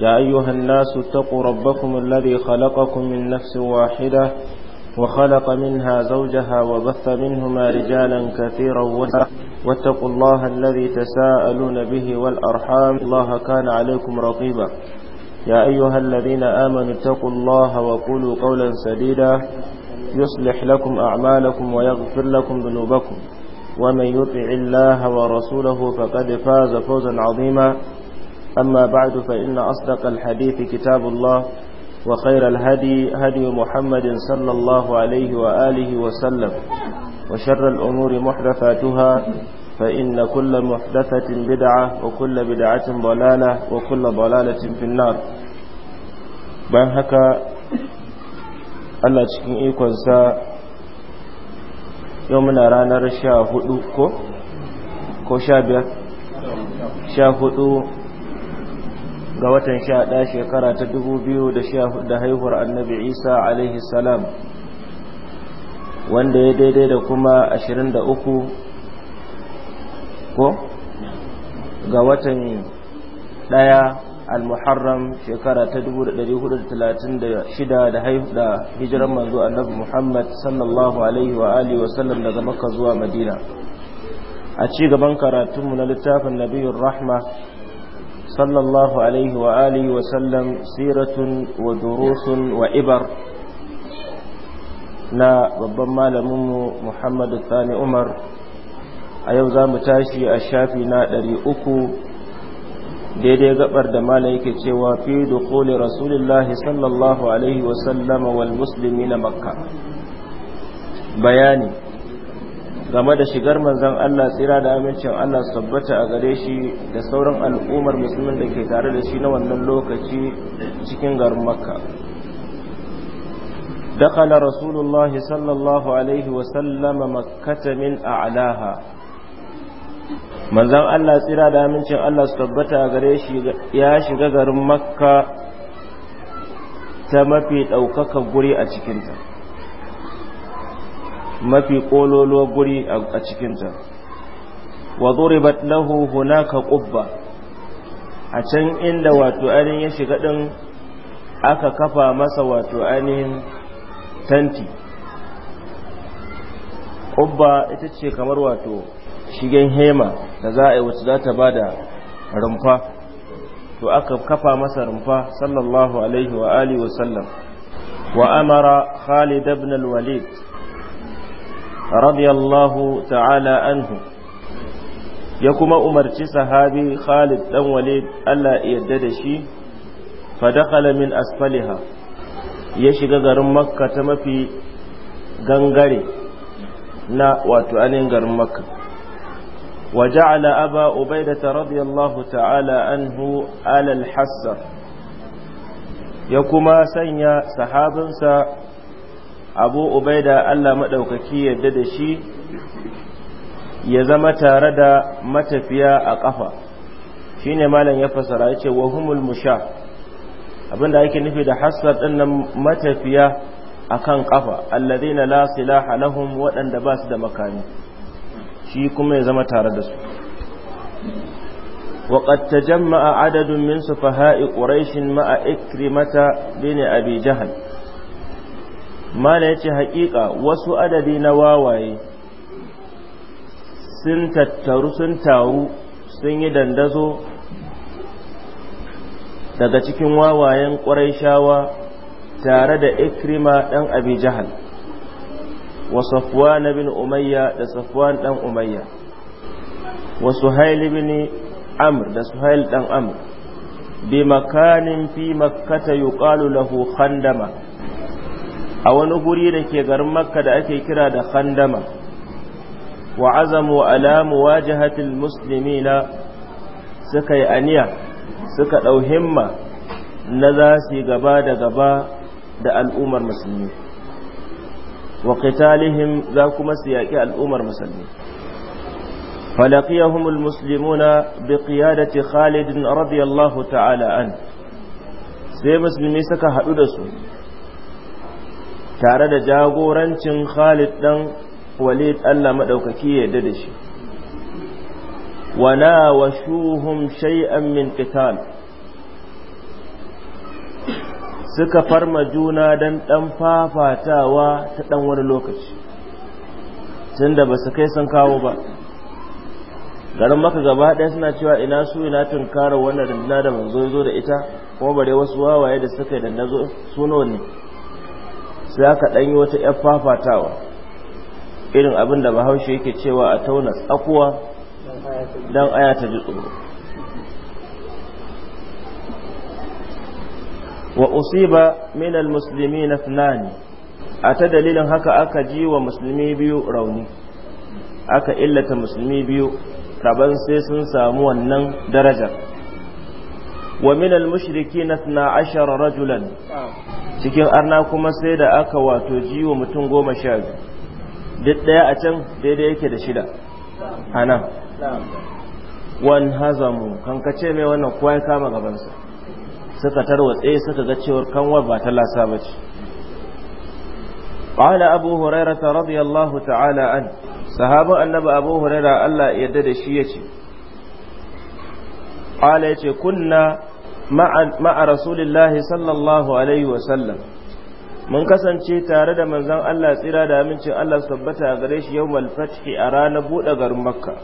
يا أيها الناس اتقوا ربكم الذي خلقكم من نفس واحدة وخلق منها زوجها وبث منهما رجالا كثيرا واتقوا الله الذي تساءلون به والأرحام الله كان عليكم رقيبا يا أيها الذين آمنوا اتقوا الله وقولوا قولا سديدا يصلح لكم أعمالكم ويغفر لكم ذنوبكم ومن يطع الله ورسوله فقد فاز فوزا عظيما أما بعد فإن أصدق الحديث كتاب الله وخير الهدي هدي محمد صلى الله عليه وآله وسلم وشر الأمور محدثاتها فإن كل محدثة بدعة وكل بدعة ضلالة وكل ضلالة في النار بانهك Allah cikin ikonsa yau muna ranar sha hudu ko? ko sha biyar? sha hudu ga watan sha ɗaya shekara ta dubu biyu da da haihuwar annabi isa alaihi salam wanda ya daidai da kuma ashirin da uku ko ga watan ɗaya al-muharram shekara ta dubu da ɗari hudu da talatin da shida da haihu da hijiran manzo annabi muhammad sallallahu alaihi wa alihi wa sallam daga makka zuwa madina a ci gaban karatunmu na littafin nabiyun rahma صلى الله عليه وآله وسلم سيرة ودروس وإبر na babban mu Muhammadu Sani Umar a yau za mu tashi a shafi na ɗari uku daidai gaɓar da mala yake cewa fi koli rasulullahi sallallahu alaihi wasallama wal musulmi na makka bayani game da shigar manzon Allah tsira da amincin Allah su tabbata a gare shi da sauran al'ummar musulmin da ke tare da shi na wannan lokaci cikin garin Makka دخل رسول الله صلى الله عليه وسلم مكة من أعلاها من Allah tsira da amincin Allah الله سبتا a gare shi ya shiga garin Makka ta mafi ɗaukaka guri a cikinta. mafi kololo guri a cikinta wa zuribat lahu hunaka qubba a can inda wato ainihin ya shiga din aka kafa masa wato ainihin tanti qubba ita ce kamar wato shigen hema da za a yi wacce za ta ba da rumfa to aka kafa masa rumfa sallallahu alaihi wa alihi wa sallam wa amara khalid ibn al-walid radiyallahu ta'ala anhu ya kuma umarci sahabi Khalid dan Walid Allah yadda da shi fa dakhala min asfaliha ya shiga garin Makka ta mafi gangare na wato anin garin Makka wa ja'ala aba ubaidata radiyallahu ta'ala anhu ala al ya kuma sanya sahabinsa abu ubaida allah maɗaukaki yadda da shi ya zama tare da matafiya a ƙafa shine ne malam ya fasara ya ce wa humul musha abinda ake nufi da hassar ɗinnan matafiya a kan ƙafa allazina la silaha lahum waɗanda ba su da makami shi kuma ya zama tare da su وقد تجمع عدد من سفهاء قريش مع إكرمة بن أبي جهل mala yace haƙiƙa wasu adadi na wawaye sun tattaru sun taru sun yi dandazo daga cikin wawayen shawa tare da ikrima ɗan abi jahal wa safwan bin umayya da safwan ɗan umayya wa suhail bin amr da suhail ɗan amr bi makanin fi makkata yuqalu lahu khandama a wani guri da ke garin makka da ake kira da khandama wa azamu ala muwajahatil muslimina suka yi aniya suka ɗau himma na za su gaba da gaba da al'ummar musulmi wa qitalihim za kuma su yaƙi al'ummar musulmi فلقيهم muslimuna bi خالد رضي الله ta'ala an sai musulmi suka haɗu da su tare da jagorancin Khalid dan Walid Allah maɗaukaki ya yarda da shi wana washuhum shay'an min qital suka farma juna dan dan fafatawa ta dan wani lokaci tunda ba su kai sun kawo ba garin maka gaba ɗaya suna cewa ina su ina tunkara wannan rundunar da manzo zo da ita kuma bare wasu wawaye da suka yi da dandazo suno ne sai aka ɗanyi wata ‘yar fafatawa irin abin da bahaushe yake cewa a tauna tsakuwa don aya ta ji tsoro wa usiba minal musulmi na fulani a ta dalilin haka aka ji wa musulmi biyu rauni aka illata musulmi biyu rabon sai sun samu wannan darajar wa min na mushrikin 12 cikin arna kuma sai da aka wato wa mutum goma sha biyu duk ɗaya a can daidai yake da shida nan. wan hazamu kan mai wannan kowa ya kama gabansa suka tsaye suka ga cewar kanwar ba ta lasa bace قال أبو هريرة رضي Sahabin annaba عنه صحابة Allah yadda da shi ya ce. qala yace kunna ma'a rasulillahi sallallahu alaihi wa sallam mun kasance tare da manzon Allah tsira da amincin Allah su tabbata gare shi yawmal fathi a ranar bude garin Makka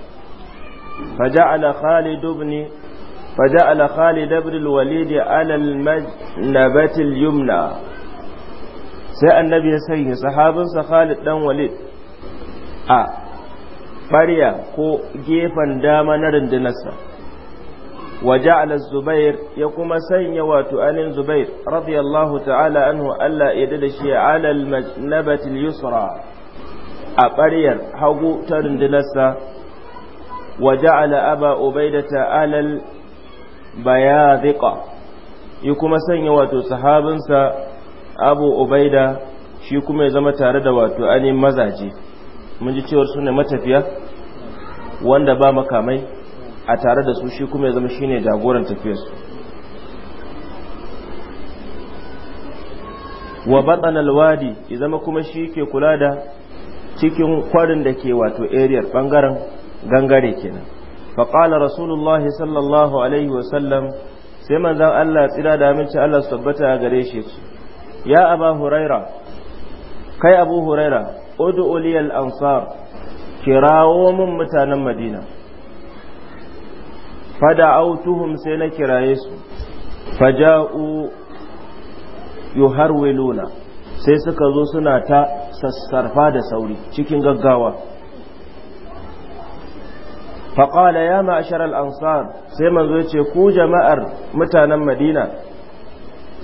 faja'ala Khalid ibn walid ala al-majnabati al-yumna sai annabi ya sanya sahabinsa Khalid dan Walid a ɓarya ko gefen dama na rindinarsa. wa ja'ala zubair ya kuma sanya wato anin zubair radiyallahu ta'ala anhu Allah ya da shi ala al-majnabati al-yusra a ɓaryar hagu ta rundunarsa wa ja'ala aba ubaidata alal bayadhiqa ya kuma sanya wato sahabinsa abu ubaida shi kuma ya zama tare da wato anin mazaje mun ji cewar sune matafiya wanda ba makamai a tare da su shi kuma ya zama shi ne jagoran tafiyarsu wa batsanar wadi ya zama kuma shi ke kula da cikin kwarin da ke wato ariyar bangaren gangare kenan faƙala rasulullahi sallallahu alaihi wasallam sai manzan Allah tsira da aminci Allah su tabbata a gare shi ya aba huraira kai abu huraira udu uliyal ansar kirawo mun mutanen madina fada'autuhum sai na kiraye su faja'u yuharwiluna sai suka zo suna ta sassarfa da sauri cikin gaggawa faƙala ya ma'ashar ansar sai manzo ce ku jama'ar mutanen madina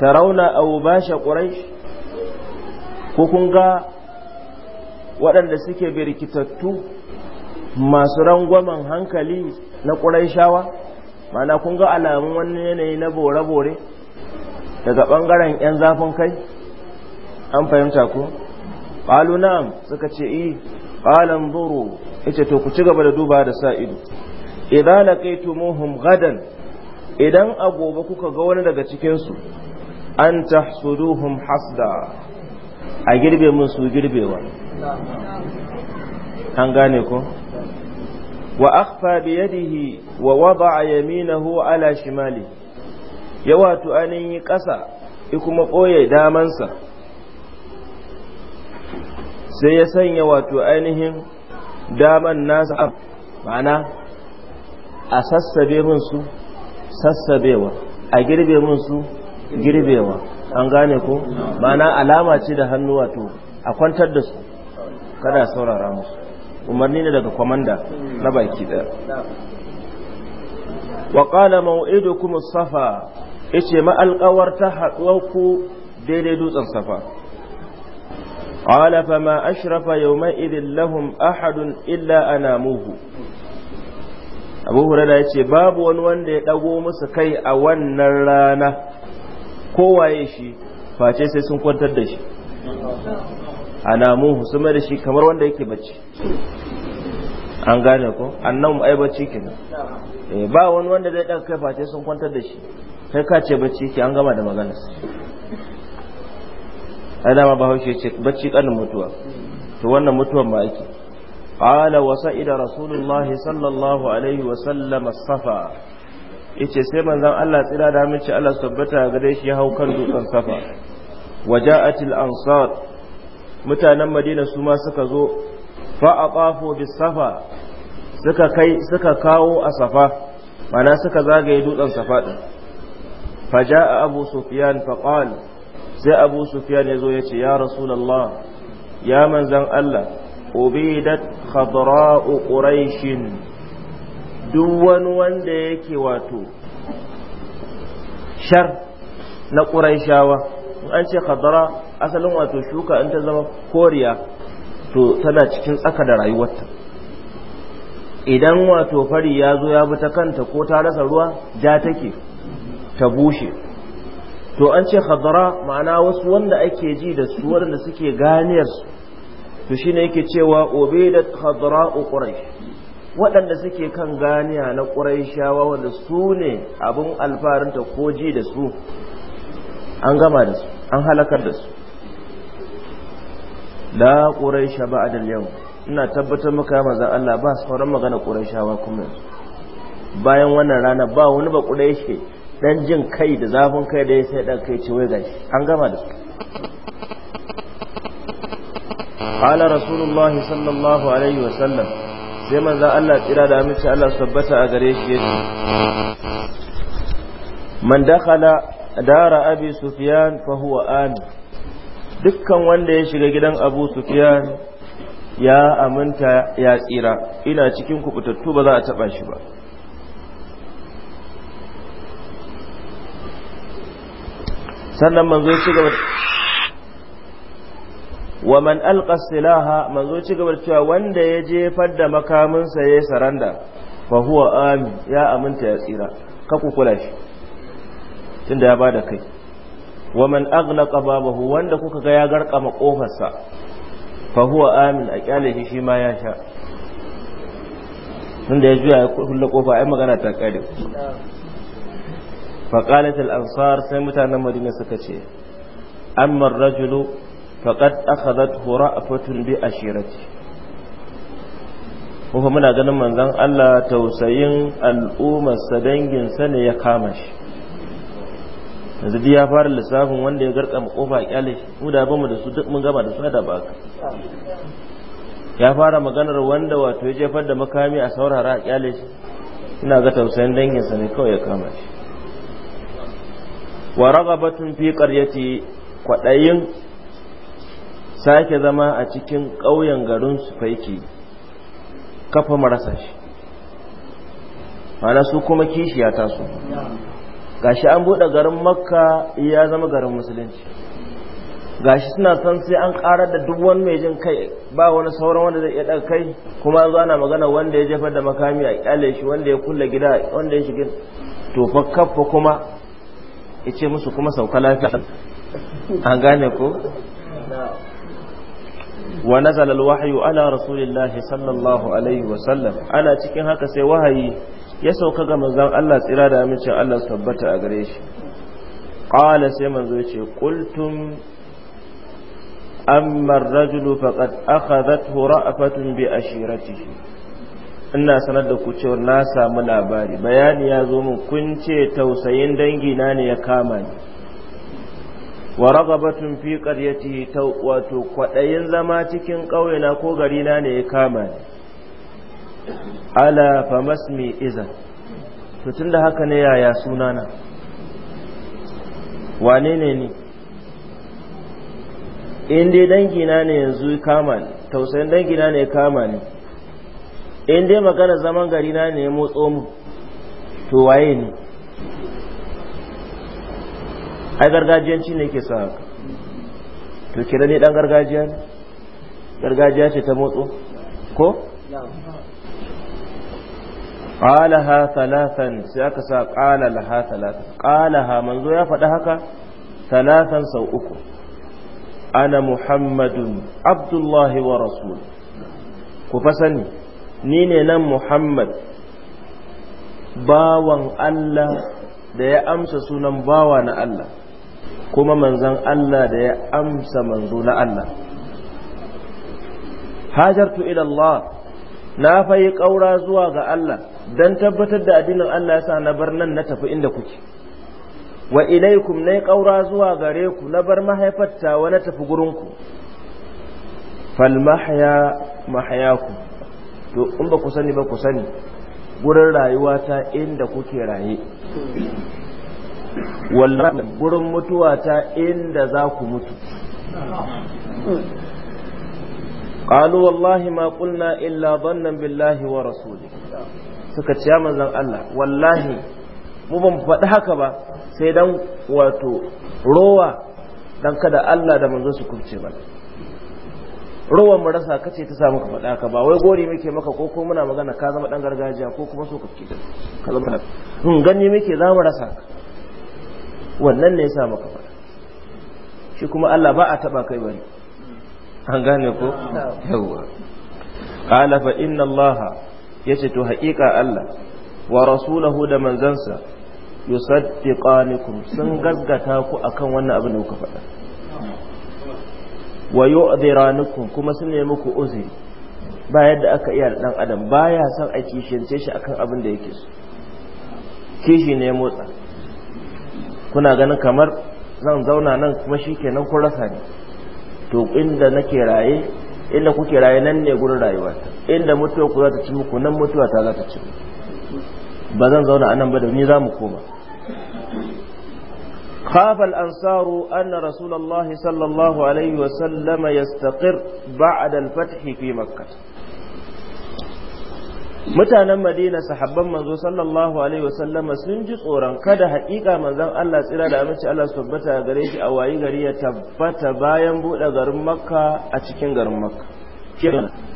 ta rauna abu ba shi ƙurai ko kun ga waɗanda suke birkitattu masu rangwamen hankali na ƙurai shawa mana kun ga alamun wani yanayi na bore-bore daga ɓangaren 'yan zafin kai an fahimta ku ƙalu na'am suka ce yi eh, ƙalan buru ita to ku ci gaba da duba da sa ido idan laƙaitu muhum gadan idan a gobe kuka ga wani daga cikinsu an ta suduhum hasda a girbe musu girbewa an gane ku wa akhfa bi yadihi wa wada'a yaminahu ala shimali ya wato anin yi kasa i kuma boye daman sai ya sanya wato ainihin daman nasa a mana a sassabe mun su sassabewa a girbe mun su girbewa an gane ko Ma'ana alama ce da hannu wato a kwantar da su kada saurara musu umarni ne daga kwamanda na baki da. wa qala maw'idukum as-safa yace ma ta haɗuwarku daidai dutsen safa qala fa ma ashrafa yawma idhin lahum ahadun illa anamuhu abu ya yace babu wani wanda ya dago musu kai a wannan rana kowaye shi face sai sun kwantar da shi anamuhu sun mai da shi kamar wanda yake bacci an gane ko annan ai bacci kenan eh, ba wani wanda zai dan kai face sun kwantar da shi kai ka ce bacci ke an gama da sai ai dama ba haushe ce bacci kanin mutuwa to wannan mutuwan ma ake qala wa sa'ida rasulullahi sallallahu alaihi wa sallam safa yace sai manzon Allah tsira da mace Allah tabbata dai shi ya hau kan dutsen safa waja'at al ansar mutanen madina su ma suka zo fa'afafo bis safa suka kai suka kawo a safa mana suka zagaye dutsen safa din faja abu sufyan faqal sai abu sufyan yazo yace ya rasulullah ya manzan Allah ubidat khadra'u quraishin duk wani wanda yake wato shar na quraishawa an ce khadra asalin wato shuka in ta zama koriya to tana cikin tsaka da rayuwarta idan wato fari ya zo ya bi ta kanta ko ta rasa ruwa ja take ta bushe to an ce khadara ma'ana wasu wanda ake ji da su wanda suke ganiyar su to shine yake cewa ubidat khadra'u quraish waɗanda suke kan ganiya na quraishawa wanda su ne abin alfarinta ko ji da su an gama da su an halakar da su la quraisha ba al-yawm ina tabbatar maka manzon Allah ba sauran magana ba kuma bayan wannan rana ba wani ba quraishi dan jin kai da zafin kai da ya sai dan kai ce wai gashi an gama da su qala rasulullah sallallahu alaihi wa sallam sai manzon Allah tsira da amince Allah tabbata a gare shi yace man dakhala dara abi sufyan fa huwa amin dukkan wanda ya shiga gidan abu sufiyan ya aminta ya tsira ina cikin kubutattu ba za a taba shi ba sannan manzo ci gaba wa man alqa silaha manzo ci gaba cewa wanda ya jefar da makaminsa ya saranda fa huwa amin ya aminta ya tsira ka kula shi tunda ya bada kai wa man aghlaqa babahu wanda kuka ga ya garkama kofarsa fa huwa amin a kyale shi shi ma ya sha da ya juya ya kulle kofa ai magana ta kare fa qalat al ansar sai mutanen madina suka ce amma ar-rajulu faqad akhadathu ra'fatun bi ashirati kuma muna ganin manzon Allah tausayin al'ummar sa dangin sa ne ya kama shi yanzu duk ya fara lissafin wanda ya garka mu kofa kyale shi mu da bamu da su duk mun gama da su da baka ya fara maganar wanda wato ya jefar da makami a saurara a kyale shi ina ga tausayin danginsa ne kawai ya kama shi wa ragabatun fi qaryati kwadayin sake zama a cikin ƙauyen garin su faiki kafa marasa shi ma'ana su kuma kishiya taso gashi an buɗe garin makka ya zama garin musulunci gashi suna san sai an karar da duk wani mai jin kai ba wani sauran wanda zai iya ɗaga kai kuma an ana magana wanda ya jefar da makami a kyale shi wanda ya kulle gida wanda ya shiga to fa kafa kuma ya ce musu kuma sauka lafiya an gane ko wa nazala alwahyu ala rasulillahi sallallahu alaihi wa sallam ana cikin haka sai wahayi ya sauka ga manzon Allah tsira da amincin Allah tabbata a gare shi qala sai manzo ce qultum amma ar-rajulu faqad akhadhathu ra'fatun bi ashiratihi ina sanar da ku cewa na samu labari bayani ya zo min kun ce tausayin dangi na ne ya kama ni wa ragabatun fi qaryatihi wato kwadayin zama cikin ƙauyena ko garina ne ya kama ni ala famasmi izan to tun da haka ne yaya sunana wane ne ni in dai dangina ne yanzu kama ne tausayin dangina ne kama ne in dai magana zaman gari na ne ya motso mu to waye ne ai gargajiyanci ne ke sa haka to kira ne dan gargajiya gargajiya ce ta motso ko qalaha thalathan sai aka sa qala laha thalathan qalaha manzo ya faɗi haka thalathan sau uku ana Muhammadu abdullahi wa rasul ku fa ni ne nan muhammad bawan Allah da ya amsa sunan bawa na Allah kuma manzan Allah da ya amsa manzo na Allah hajartu ila Allah na fayi ƙaura zuwa ga Allah don tabbatar da addinin Allah ya sa na bar nan na tafi inda kuke wa ilaikum na ƙaura zuwa gare ku na bar mahaifata wa na tafi gurinku fal mahaya mahayaku to in ba ku sani ba ku sani gurin rayuwa ta inda kuke raye wallahi gurin mutuwa ta inda za ku mutu qalu wallahi ma qulna illa dhannan billahi wa rasuli suka ce manzon Allah wallahi mu ban faɗi haka ba sai dan wato rowa dan kada Allah da manzo su kubce ba rowan mu rasa kace ta samu ka faɗa ka ba wai gori muke maka ko ko muna magana ka zama dan gargajiya ko kuma so kubce ka zama in ganye muke za mu rasa wannan ne ya sa maka faɗa shi kuma Allah ba a taba kai bari an gane ko yawa qala fa inna allaha yace to haƙiƙa Allah wa rasulahu da manzansa yusaddiqanikum sun gaggata ku akan wannan abin da kuka faɗa wa yu'dhiranukum kuma sun nemi ku uzuri ba yadda aka iya dan adam baya son a kishince shi akan abin da yake so kishi ne motsa kuna ganin kamar zan zauna nan kuma shikenan ku rasa ne to inda nake raye inda kuke raye nan ne gurin rayuwata inda mutuwa ku za ta ci muku nan mutuwa ta za ta ci ba zan zauna a nan ba da ni za mu koma خاف الأنصار أن رسول الله صلى الله عليه وسلم يستقر بعد الفتح في مكة mutanen madina sahabban manzo sallallahu alaihi wasallama sun ji tsoron kada haƙiƙa manzon Allah tsira da aminci Allah su tabbata gare shi a wayi gari ya tabbata bayan buɗe garin makka a cikin garin makka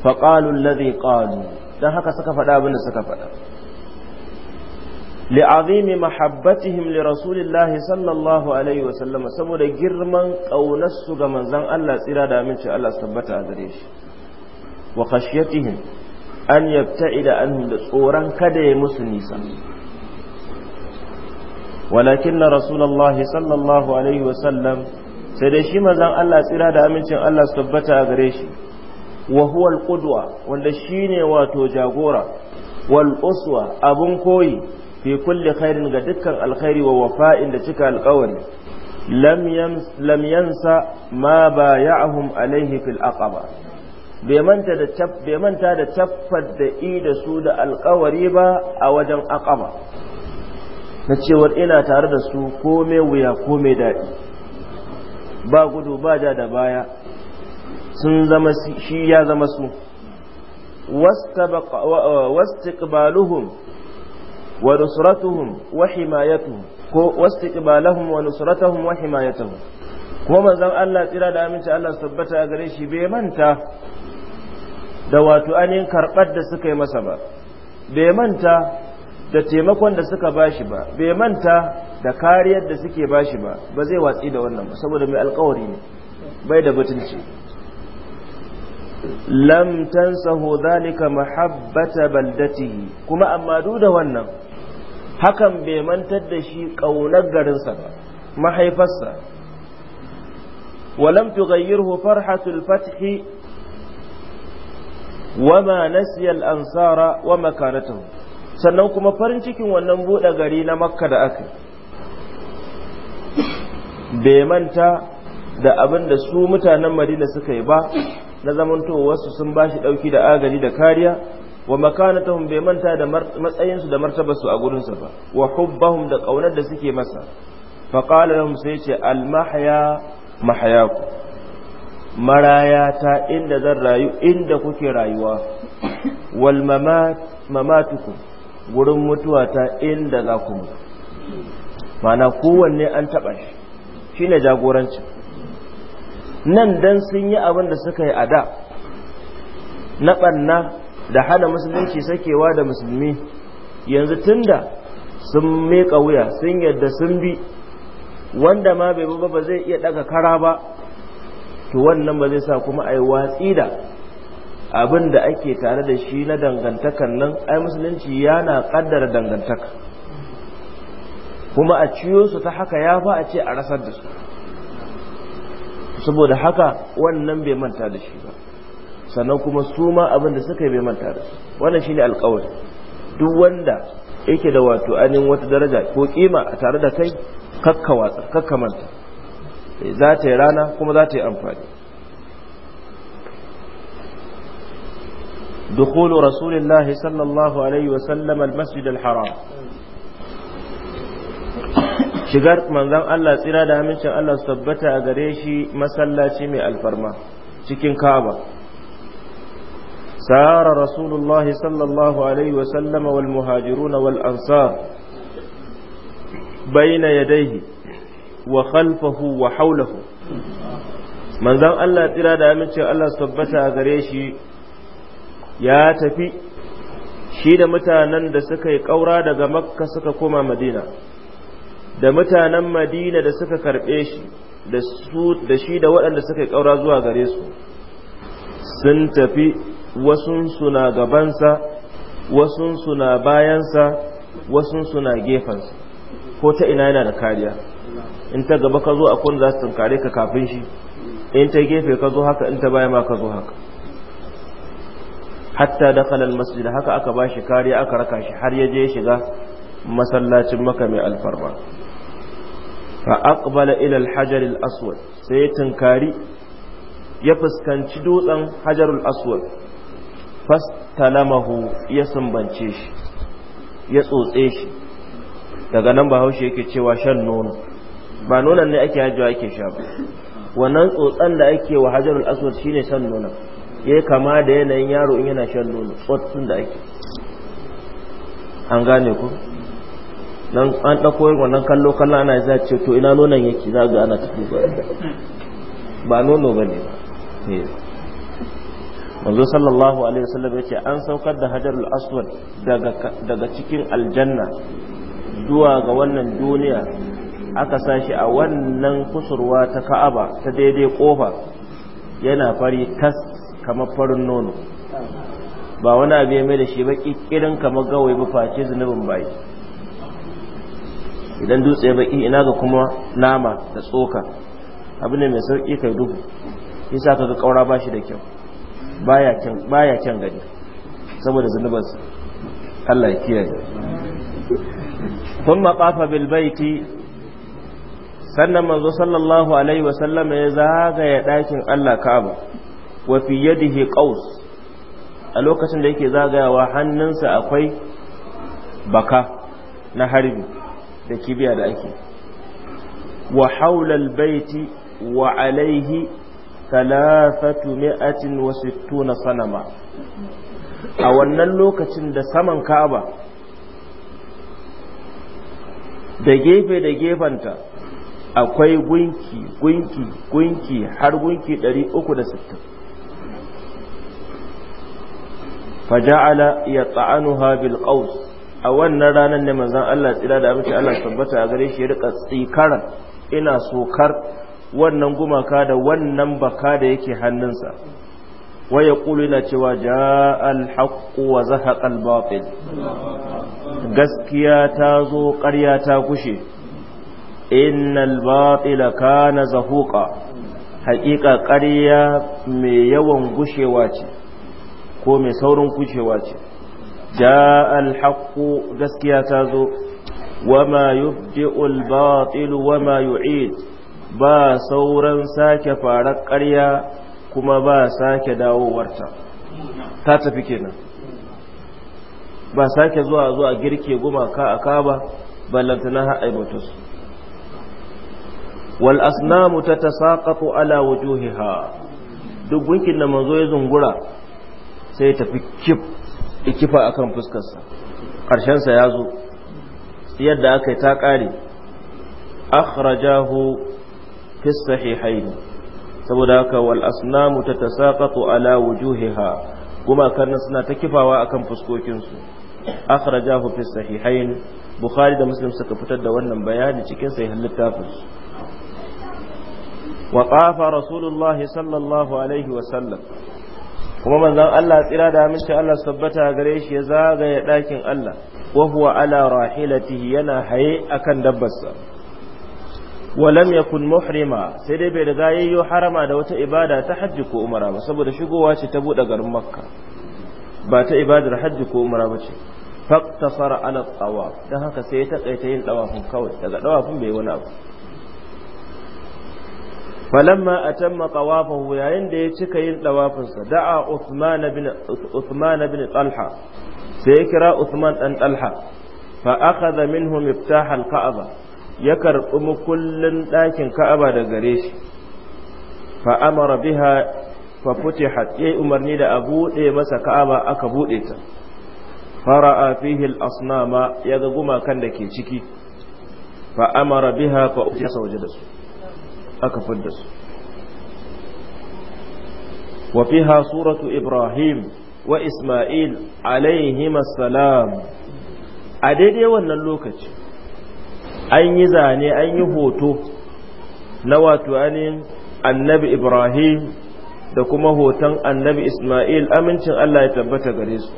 fa qalu alladhi qalu dan haka suka faɗa abin da suka faɗa لعظيم محبتهم لرسول الله صلى الله عليه وسلم saboda girman ƙaunarsu ga manzon Allah tsira da aminci Allah su tabbata a gare shi wa khashyatihim an yabta'ida anhum da tsoron kada ya musu nisa walakin na rasulallah sallallahu alaihi wasallam sai da shi mazan Allah tsira da amincin Allah su tabbata a gare shi wa huwa alqudwa wanda shine wato jagora wal uswa abun koyi fi kulli khairin ga dukkan alkhairi wa wafa'in da cika alkawari lam yansa ma baya'ahum alaihi fil aqaba bai manta da tabbat da i da su da alkawari ba a wajen akaba na cewar ina tare da su kome wuya kome daɗi ba gudu ba ja da baya sun zama shi ya zama su ko ونصرتهم wa nusratuhum wa himayatuhum kuma manzon Allah tsira da aminci Allah tabbata a gare shi bai manta da wato ainihin karɓar da suka yi masa ba bai manta da taimakon da suka bashi ba bai manta da kariyar da suke bashi ba ba zai watsi da wannan ba saboda mai alkawari ne bai da butulci lam tansahu dhalika mahabbata baldati kuma amma duk da wannan hakan bai mantar da shi ƙaunar garinsa ba mahaifarsa ولم تغيره فرحة الفتح wama nasiyal ansara wa sannan kuma farin cikin wannan buɗe gari na makka da aka bai manta da abin da su mutanen madina suka yi ba na wasu sun bashi shi ɗauki da agaji da kariya wa makanatahum bai manta da matsayinsu da martabarsu a gurinsa ba wa hubbahum da ƙaunar da suke masa faƙalar sai ce almahaya mahayaku marayata inda zan rayu inda kuke rayuwa wal mamatukum gurin ta inda za ku mu mana kowanne an taɓa shi shi ne jagoranci nan dan sun yi abin da suka yi a da na ɓanna da hana musulunci sakewa da musulmi yanzu tunda sun meƙa wuya sun yadda sun bi wanda ma bai ba ba zai iya ɗaga kara ba to wannan ba zai sa kuma a yi watsi da abin da ake tare da shi na dangantakan nan ai musulunci yana kaddara dangantaka kuma a ciyo su ta haka ya fa a ce a rasar da su saboda haka wannan bai manta da shi ba sannan kuma su ma abin da suka bai manta da su wannan shi ne alƙawari duk wanda yake da wato ainihin wata daraja ko kima a tare da kai kakka watsa kakka manta za ta yi rana kuma za ta yi amfani دخول رسول الله صلى الله عليه وسلم المسجد haram. shigar manzon Allah tsira da amincin Allah su tabbata a gare shi masallaci mai alfarma cikin Kaaba sarar Rasulullah sallallahu alaihi wa sallama wal muhajiruna wal ansar baina yadayhi wa khalfahu wa haulahu manzan Allah tsira da amincin Allah su tabbata a gare shi ya tafi shi da mutanen da suka yi ƙaura daga makka suka koma madina da mutanen madina da suka karɓe shi da shi da waɗanda suka yi ƙaura zuwa gare su sun tafi wasunsu na gabansa wasunsu na bayansa wasunsu na gefansa ko ta ina yana da kariya in ta gaba ka zo a kun za su tunkare ka kafin shi in ta gefe ka zo haka in ta baya ma ka zo haka hatta da kalan almasjid haka aka ba shi kariya aka raka shi har ya je shiga masallacin maka mai alfarma fa aqbala ila alhajar alaswad sai ya tunkari ya fuskanci dutsen hajarul aswad fastalamahu ya sumbance shi ya tsotse shi daga nan bahaushe yake cewa shan nono ba nonon ne ake hajjawa ake sha ba wannan tsotsan da ake wa hajarul aswad shine shan nono ya kama da yanayin yaro in yana shan nono tsotsin da ake an gane ku Nan an ɗauko yin wannan kallo kallon ana za ce to ina nonon yake za ga ana tafi ba ba nono ba ne ba eh. manzo sallallahu alaihi wasallam ce an saukar da Hajar al'asuwar daga cikin aljanna zuwa ga wannan duniya aka sa shi a wannan kusurwa ta ka'aba ta daidai kofa yana fari tas kamar farin nono ba wani abu ya mai da shi ba kirin kamar gawai ba face zunubin bai idan dutse baki ina ga kuma nama da tsoka abu ne mai sauki kai duhu ka ga kaura bashi da kyau baya kyan gani saboda zunubansa Allah ya kiyaye ثم طاف بالبيت ya zagaya ɗakin Allah Ka'aba wa fi a lokacin da yake zagayawa hannunsa akwai baka na harbi da kibiya da ake wa haula albayti a wannan lokacin da saman Ka'aba da gefe da gefenta akwai gunki gunki gunki har gunki 360 faja'ala ya ta'anuha bil qaus a wannan ranar ne manzon Allah tsira da amince Allah tabbata a gare shi ya rika tsikar ina sokar wannan gumaka da wannan baka da yake hannunsa waya kulu yana cewa ja'al haqqu wa zahaqa al batil gaskiya ta zo ƙarya ta kushe innal batila kana zahuqa haƙiƙa ƙarya mai yawan gushewa ce ko mai saurin kushewa ce ja alhaqqu gaskiya ta zo wama yubdi'ul batil wama yu'id ba sauran sake fara ƙarya kuma ba sake dawowarta ta tafi kenan ba sake zuwa zuwa girke gumaka a kaba ballantana har aibatus wal asnamu tatasaqatu ala wujuhiha duk gunkin da manzo ya zungura sai ya tafi kif ikifa akan fuskarsa karshen sa ya zo yadda aka yi ta kare akhrajahu fi sahihain saboda haka wal asnamu tatasaqatu ala wujuhiha kuma kan suna ta kifawa akan fuskokinsu akhrajahu fi sahihain bukhari da muslim suka fitar da wannan bayani cikin sahihan littafin wa qafa rasulullah sallallahu alaihi wa sallam kuma manzon Allah tsira da mishi Allah tabbata gare shi ya zagaye dakin Allah wa huwa ala rahilatihi yana haye akan dabbarsa Walam lam yakun muhrima sai dai bai riga yayyo harama da wata ibada ta hajji ko umara ba saboda shigowa ce ta bude garin makka ba ta ibadar hajji ko umra ba ce faktasara ala tsawa don haka sai ya taƙaita yin ɗawafin kawai daga ɗawafin bai wani abu falamma can tawafahu yayin da ya cika yin ɗawafinsa da'a Uthman bin Talha sai ya kira Uthman ɗan Talha fa akhadha kaaba ya karɓi makullin ɗakin Ka'aba da gare shi fa amara biha fa futihat yayi umarni da a buɗe masa ka'aba aka buɗe ta fara'a fihi al-asnama yaga gumakan da ke ciki fa amara biha fa utiya sauje su aka fadda su wa fiha suratu ibrahim wa isma'il alaihim salam. a daidai wannan lokaci an yi zane an yi hoto na wato annabi ibrahim da kuma hoton annabi Ismail amincin Allah ya tabbata gare su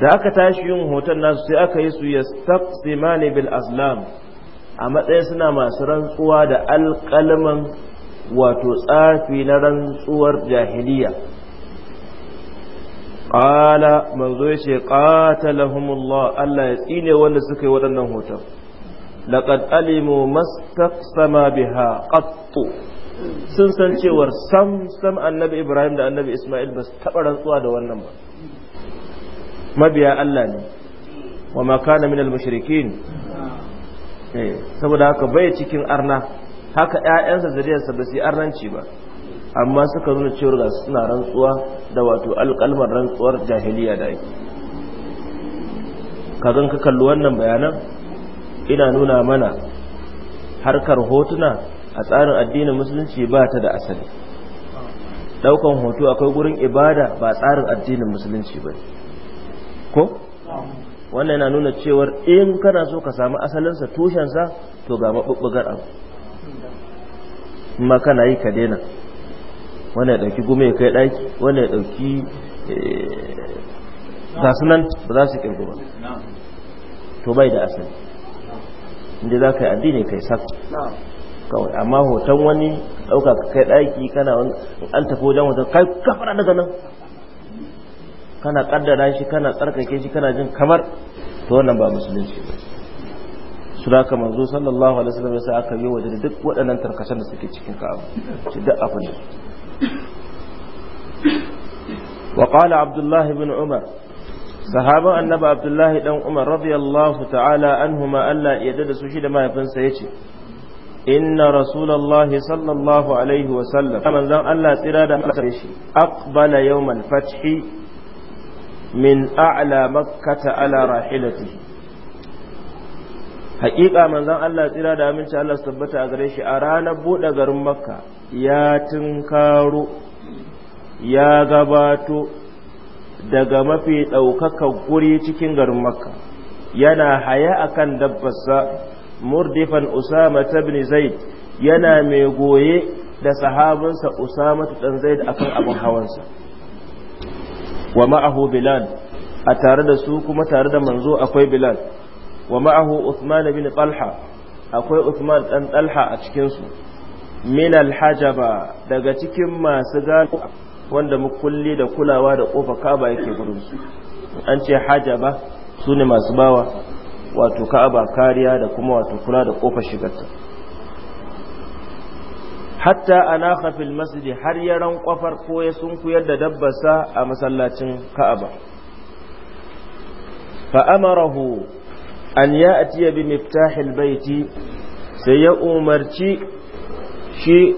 da aka tashi yin hoton nasu sai aka yi su yastaqsimani bil aslam a matsayin suna masu rantsuwa da alƙalman wato tsafi na rantsuwar jahiliya ƙala manzo ya ce ƙatalahumullah Allah ya tsine wanda suka yi waɗannan hoton laqad alimu mastaqsama biha qattu sun san cewar sam sam annabi ibrahim da annabi isma'il ba su taɓa rantsuwa da wannan ba mabiya allah ne wa makana min al-mushrikin eh, saboda haka bai cikin arna haka ƴaƴansa zuriyarsa ba su yi arnanci ba amma suka nuna cewar ga suna rantsuwa da wato alƙalmar rantsuwar jahiliya da Ka kagan ka kalli wannan bayanan ina nuna mana harkar hotuna a tsarin addinin musulunci ba ta da asali daukan hoto akwai gurin ibada ba tsarin addinin musulunci ba ko wannan yana nuna cewar in kana so ka samu asalinsa tushensa to ga maɓuɓɓugar abu ma kana yi ka daina wanda ya ɗauki gume ya kai ɗaki wanda ya ɗauki eh, gasu ba za su ƙirgu ba to bai da asali inda za ka yi addini kai sakka kawai amma hoton wani ɗauka kai ɗaki kana an tafi wajen hoton kai kafara daga nan kana kaddara shi kana tsarkake shi kana jin kamar to wannan ba musulunci ba su da ka manzo sallallahu alaihi wasallam sai aka yi wa duk waɗannan tarkacen da suke cikin ka'aba shi duk abin da wa qala abdullah ibn umar sahaban annabi abdullah dan umar radiyallahu ta'ala anhuma Allah yadda dada su shi da mahaifinsa yace inna rasulullahi sallallahu alaihi wasallam manzon Allah tsira da Allah shi aqbala yawmal fathi min a'la makkata ala rahilatihi haƙiƙa manzon Allah tsira da aminci Allah su tabbata a gare shi a ranar buɗe garin makka ya tunkaro ya gabato daga mafi ɗaukakar guri cikin garin makka yana haya akan dabbarsa murdifan usama ibn zaid yana mai goye da sahabinsa usama ɗan zaid akan abin hawansa wa ma'ahu bilal a tare da su kuma tare da manzo akwai bilal wa ma'ahu Usman bin talha akwai Usman ɗan ɗalha a cikinsu. su min alhajaba daga cikin masu gano wanda mukulli da kulawa da kofa kaba yake gurinsu. an ce hajaba su ne masu bawa wato ka'aba kariya da kuma wato kula da kofar shigarta hatta ana khafil masjid har ya ran kofar ko ya sunkuyar da dabbasa a masallacin ka'aba fa amarahu an ya'tiya bi miftahil baiti sai ya umarci shi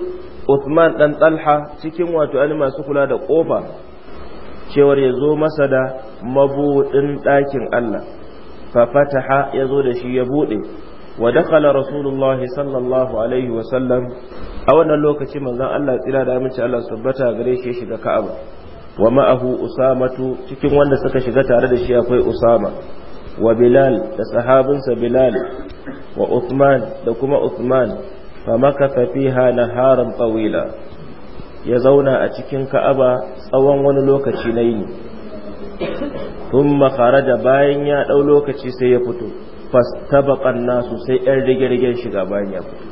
Uthman dan Talha cikin wato wani masu kula da kofa cewar ya zo masa da mabudin ɗakin Allah fa fataha yazo da shi ya bude wa dakhala rasulullah sallallahu alaihi wa sallam a wannan lokaci manzon Allah tsira da aminci Allah tabbata gare shi ya shiga Ka'aba wa ma'ahu usamatu cikin wanda suka shiga tare da shi akwai usama wa bilal da sahabinsa bilal wa uthman da kuma uthman fa makatha fiha naharan tawila ya zauna a cikin ka'aba tsawon wani lokaci na yini thumma kharaja bayan ya dau lokaci sai ya fito fastabaqan nasu sai ɗan rige-rigen shiga bayan ya fito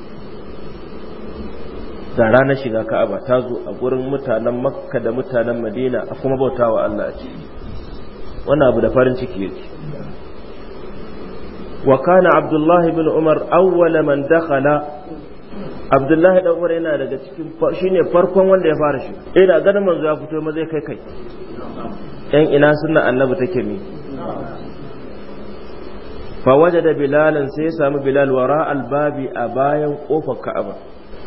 da ranar shiga ka'aba ta zo a gurin mutanen makka da mutanen madina a kuma bautawa Allah a ciki wani abu da farin ciki yake wa kana abdullahi bin umar awwala man dakhala abdullahi dan umar yana daga cikin shine farkon wanda ya fara shi Ina ganin manzo ya fito ma zai kai kai yan ina sunna annabi take mi fa wajada bilalan sai ya samu bilal wara albabi a bayan kofar ka'aba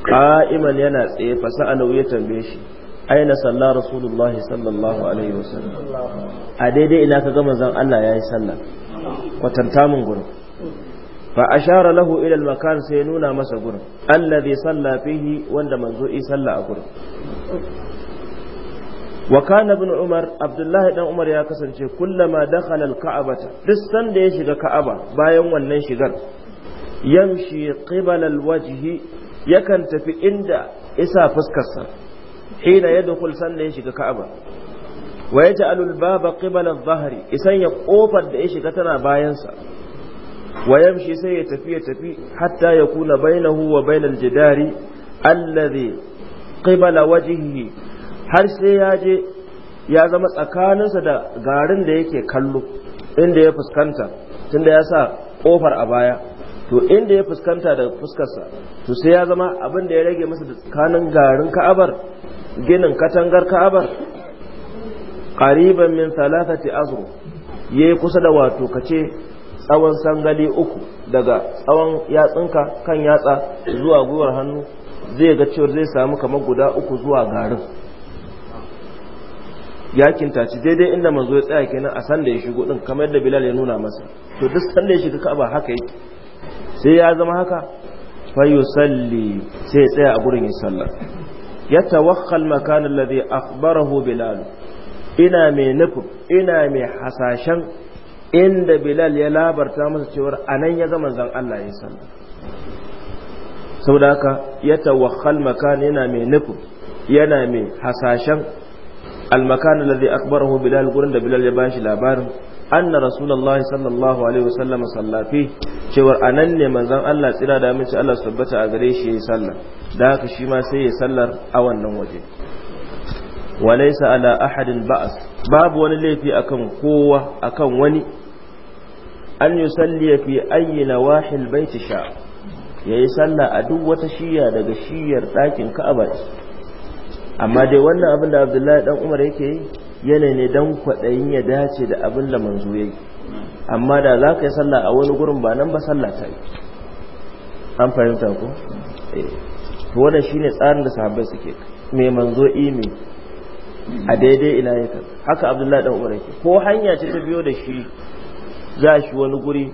qa'iman yana tsaye fa sa'alu ya tambaye shi aina salla rasulullahi sallallahu alaihi wasallam a daidai ina ka ga manzon Allah yayi sallah kwatanta mun gurin fa ashara lahu ila almakan sai sai nuna masa gurin alladhi salla fihi wanda manzo yi sallah a gurin wa kana ibn umar abdullahi dan umar ya kasance kullama dakhala al-ka'bata duk sanda ya shiga ka'aba bayan wannan shigar yamshi qibala wajihi yakan tafi inda isa fuskarsa hina yadkhul sanda ya shiga ka'aba wa yaj'alu al-baba qibala adh-dhahri isan ya kofar da ya shiga tana bayansa wa yamshi sai ya tafi ya tafi hatta yakuna bainahu wa bainal jidari alladhi qibala wajhihi har sai ya je ya zama tsakaninsa da garin da yake kallo inda ya fuskanta tunda ya sa kofar a baya to inda ya fuskanta da fuskarsa to sai ya zama abin da ya rage masa da tsakanin garin ka'abar ginin katangar ka'abar ƙariban min thalathati azru yi kusa da wato kace tsawon sangali uku daga tsawon yatsunka kan yatsa zuwa gwiwar hannu zai ga cewar zai samu kamar guda uku zuwa garin ya kintaci daidai inda manzo ya tsaya kenan a sanda ya shigo din kamar yadda Bilal ya nuna masa to duk sanda ya shiga Ka'aba haka yake sai ya zama haka fa yusalli sai tsaya a gurin yin sallah yatawakha al-makan alladhi akhbarahu Bilal ina mai nufin ina mai hasashen inda Bilal ya labarta masa cewa anan ya zama zan Allah ya sallah saboda haka yatawakha al-makan yana mai nufin yana mai hasashen المكان الذي أخبره بلال قرن دا بلال يباشي لابار أن رسول الله صلى الله عليه وسلم صلى فيه شوار أنني من ذن الله سلا دامن شاء الله سبت أغريشي صلى داك شما سي صلى أو النوجه وليس على أحد بأس باب ولي في أكم قوة أكم وني أن يصلي في أي نواحي البيت شاء يصلى أدوة شيا دقشير لكن كأبس amma dai wannan abin da abdullahi dan umar yake yi yana ne dan kwaɗayin ya dace da abin da manzo ya yi amma da za ka yi sallah a wani gurin ba nan ba sallah ta yi an fahimta ko eh. to wannan shine tsarin da sahabbai suke mai manzo imi a daidai ina yake haka abdullahi dan umar yake ko hanya ce ta biyo da shi za shi wani guri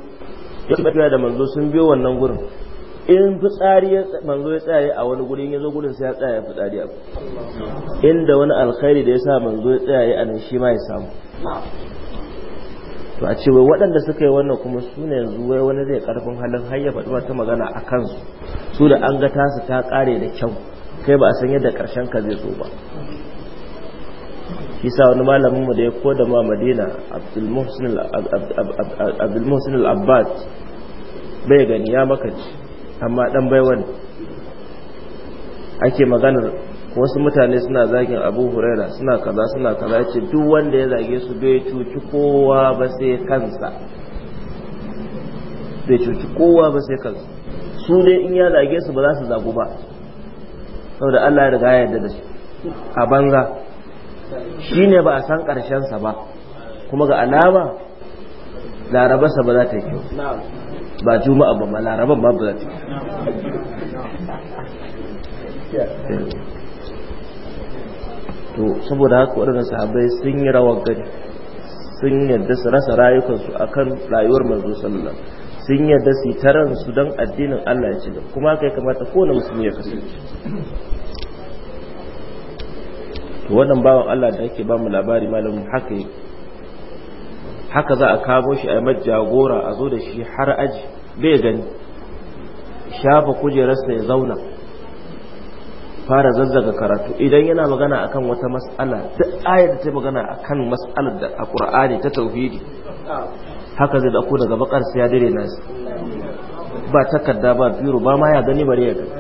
ya da manzo sun biyo wannan gurin in fitsari ya manzo ya tsaya a wani gurin ya zo gurin sai ya tsaya ya fitsari a inda wani alkhairi da ya sa manzo ya tsaya a nan shi ma ya samu to a ce wai waɗanda suka yi wannan kuma su ne yanzu wai wani zai karfin halin har ya faɗi wata magana a kansu su da an ga tasu ta ƙare da kyau kai ba a san yadda ƙarshen ka zai zo ba kisa wani malamin mu da ya koda ma madina abdulmuhsin al-abbad bai gani ya makaci amma dan baiwa ne ake maganar wasu mutane suna zagin abu huraira suna kaza suna kaza ce duk wanda ya zage su bai cuci kowa ba sai kansa bai cuci kowa ba sai kansa su dai in ya zage su ba za su zagu ba saboda Allah ya riga ya da su a banza shine ba a san karshen sa ba kuma ga alama larabarsa ba za ta yi kyau ba juma'a ba ma larabar ba ba za ta yi to saboda haka waɗannan sahabbai sun yi rawar gani sun yadda su rasa rayukansu akan rayuwar manzo sallallahu sun yadda su taran su don addinin Allah ya ci gaba kuma kai kamata kowane musulmi ya kasance to wannan bawan Allah da yake ba mu labari malamin haka yake haka za a kamo shi a yi majagora a zo da shi har aji bai gani shafa kujerarsa ya zauna fara zazzaga karatu idan yana magana akan wata mas'ala duk ayar da ta magana akan mas'alar da a ƙur'ani ta tauhidi haka zai dauko daga bakar sai ya dire nasi ba takarda ba biro ba ma ya gani bare ya gani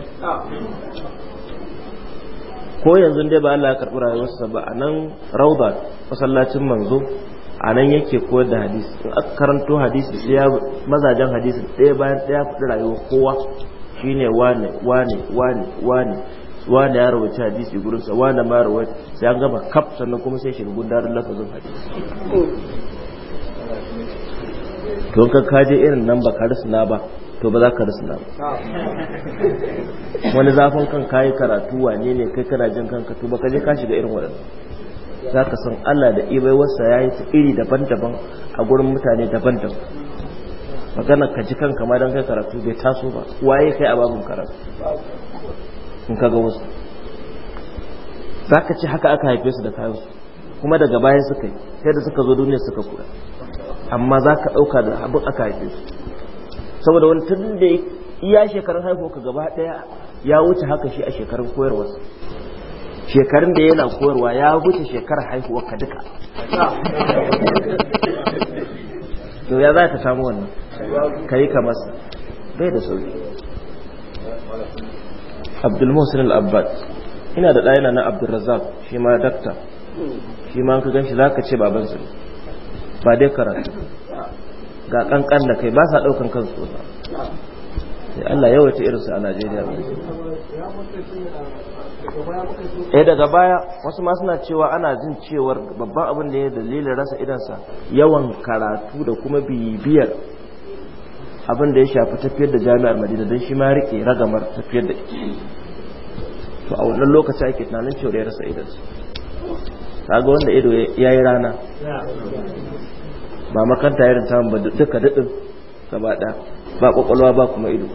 ko yanzu dai ba Allah ya karɓi rayuwarsa ba a nan rauda masallacin manzo a nan yake koyar da hadisi in aka karanto hadisi sai ya mazajen hadisi ɗaya bayan ɗaya faɗi rayuwa kowa shine wane wane wane wane wane ya rawaita hadisi gurin sa wane ma rawaita sai an gama kaf sannan kuma sai shiga gundarin lafazin hadisi to ka kaje irin nan ba ka risna ba to ba za ka na ba wani zafin kan kayi karatu wane ne kai kana jin kanka to ba ka je ka shiga irin waɗannan za ka san Allah da wasa ya yi iri daban-daban a gurin mutane daban-daban magana ka ji kanka ma don kai karatu bai taso ba waye kai a babin karatu in ka ga wasu za ka ci haka aka haife su da su kuma daga baya suka yi sai da suka zo duniya suka kura amma za ka ɗauka da abin aka haife su saboda wani tun da iya shekarun haihuwa ka gaba ɗaya ya wuce haka shi a shekarun koyarwa shekarun da yana koyarwa ya huce shekarar haihuwar ka duka to ya za ka samu wannan ka yi kamar bai da sauri. abdul al'abbat ina da ɗayana na abdul shi ma dakta shi ma ka ganshi za ka ce baban su ba dai karatu ga ƙanƙan da kai ba sa ɗaukan kansu sai Allah yawaita irinsu a Najeriya eh daga baya wasu ma suna cewa ana jin cewar babban abin da ya dalilin rasa idansa yawan karatu da kuma bibiyar abin da ya shafi tafiyar da jami'ar madina don shi ma rike ragamar tafiyar da to a wannan lokaci ake tunanin cewar ya rasa idansa kaga wanda ido ya yi rana ba makanta irin samun ba duka daɗin gaba ɗaya ba ƙwaƙwalwa ba kuma ido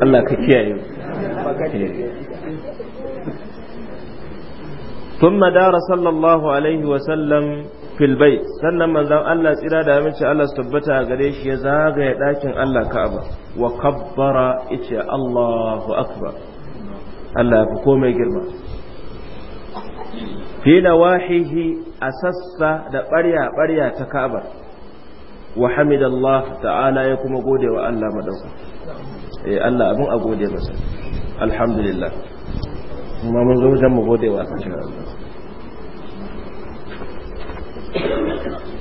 Allah ka kiyaye ثم دار صلى الله عليه وسلم في البيت sannan manzon Allah tsira da aminci Allah su tabbata a gare shi ya zagaya ɗakin Allah Ka'aba wa kabbara ice Allahu akbar Allah ya fi komai girma fi nawahihi a sassa da ɓarya ɓarya ta Ka'aba wa hamidallah ta'ala ya kuma gode wa Allah madauka eh Allah abin a gode masa alhamdulillah kuma mun zo wajen mu gode wa Allah